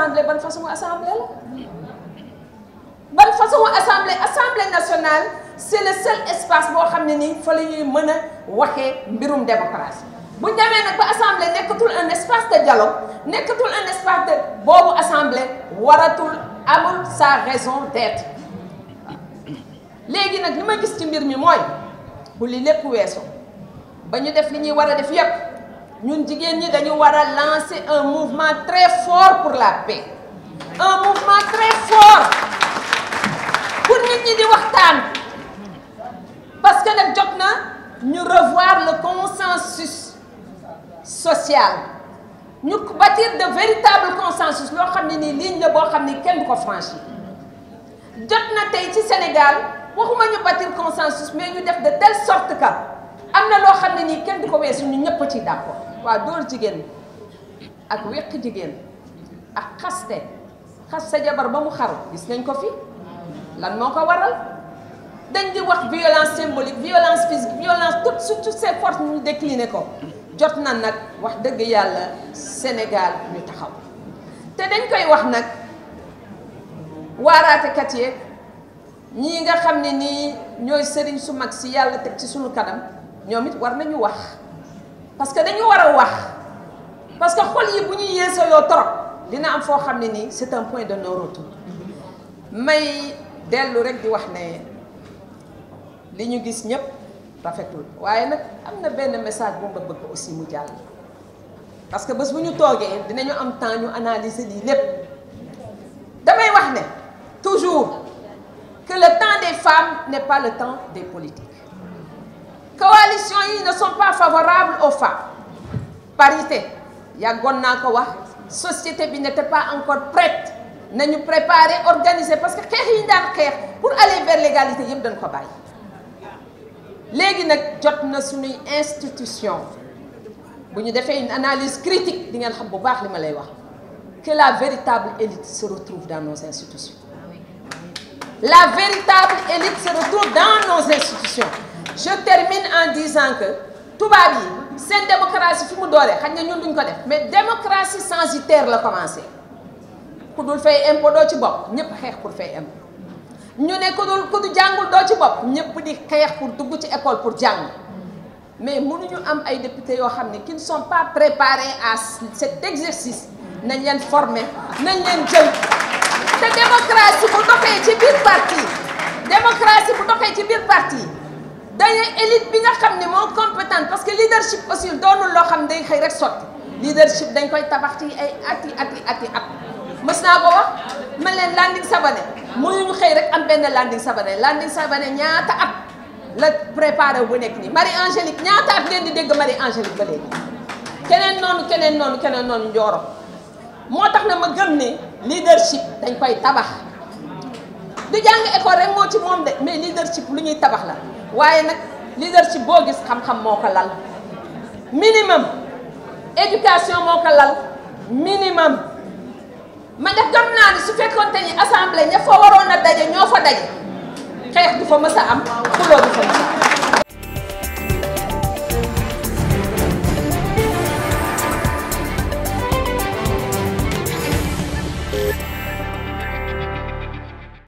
assemblée bonne façon assemblée la ban façon assemblée assemblée nationale c'est le seul espace où xam ne nii fa la ñuy mën a mbirum démocratie bu ñu demee ba un espace de dialogue tout un espace de boobu assemblée waratul amul sa raison d'être léegi nag li ma gis ci mbir mi mooy bu li lépp weesu ba def li ñuy war def yépp nous devons lancer un mouvement très fort pour la paix un mouvement très fort pour nous, parce que nous devons revoir le consensus social Nous bâtir de véritables consensus Nous avons une ligne Sénégal consensus mais de telle sorte que d'accord waa dóor jigéen ak wéq jigéen ak xaste xas sa jabar ba mu xaru gis nañ ko fi lan moo ko waral dañ di wax violence symbolique violence physique violence tout surtout ces forces ñu décliné ko jot na nag wax dëgg yàlla Sénégal ñu taxaw te dañ koy wax nag waaraatekat yeeg ñii nga xam ne nii ñooy sëriñ su mag si yàlla teg ci sunu kanam ñoom it war nañu wax parce que dañu war a wax parce que xol yi bu ñu yeesoo yoo torop dina am foo xam ne c'est un point de non-retour Mais dellu rek di wax ne li ñu gis ñëpp rafetul waaye nag am na benn message bu ma bëgg aussi mu jàll parce que bés bu ñu toogee dinañu am temps ñu analyser lii lépp damay wax ne toujours que le temps des femmes n'est pas le temps des politiques coalition yi ne sont pas favorables aux femmes parité il y ko La société n'était pas encore prête nous préparer organiser parce que y yi ñu pour aller vers l'égalité nous dañ ko des institutions Nous nous faire institution une analyse critique di ngeen que la véritable élite se retrouve dans nos institutions ah ah la véritable élite se retrouve dans nos institutions je termine en disant que tout tubaab yi Cette démocratie fi mu dooree xaj na ñun duñ ko def mais démocratie censitaire la commencé ku dul fay impôt doo ci bopp ñëpp xeex pour fay impôt ñu ne ku dul ku du jàngul doo ci bopp ñëpp di xeex pour dugg ci école pour jàng mais mënuñu am ay députés yoo xam qui ne sont pas préparés à cet exercice nañ leen former nañ leen jël te démocratie bu doxee ci biir parti démocratie bu doxee ci biir parti dañuy élite bi nga xam ne compétente parce que leadership aussi doonul loo xam ne day xëy rek sotti leadership dañ koy tabax ci ay at yi at yi at yi at mës naa ko wax man leen Landing Savané mënuñu xëy rek am benn Landing Savané Landing Savané ñaata at la préparé bu nekk nii Marie Angélique ñaata at ngeen di dégg Marie Angélique ba léegi keneen noonu keneen noonu keneen noonu njooro moo tax na ma gëm ne leadership dañ koy tabax du jàng école rek moo ci moom de mais leadership lu ñuy tabax la waaye nag ci boo gis xam-xam moo ko lal minimum éducation moo ko lal minimum ma def gëm naa ni su fekkoon te ni assemblée ña fa waroon a daje ñoo fa daje xeex du fa mës a am xuloo du fa mës a am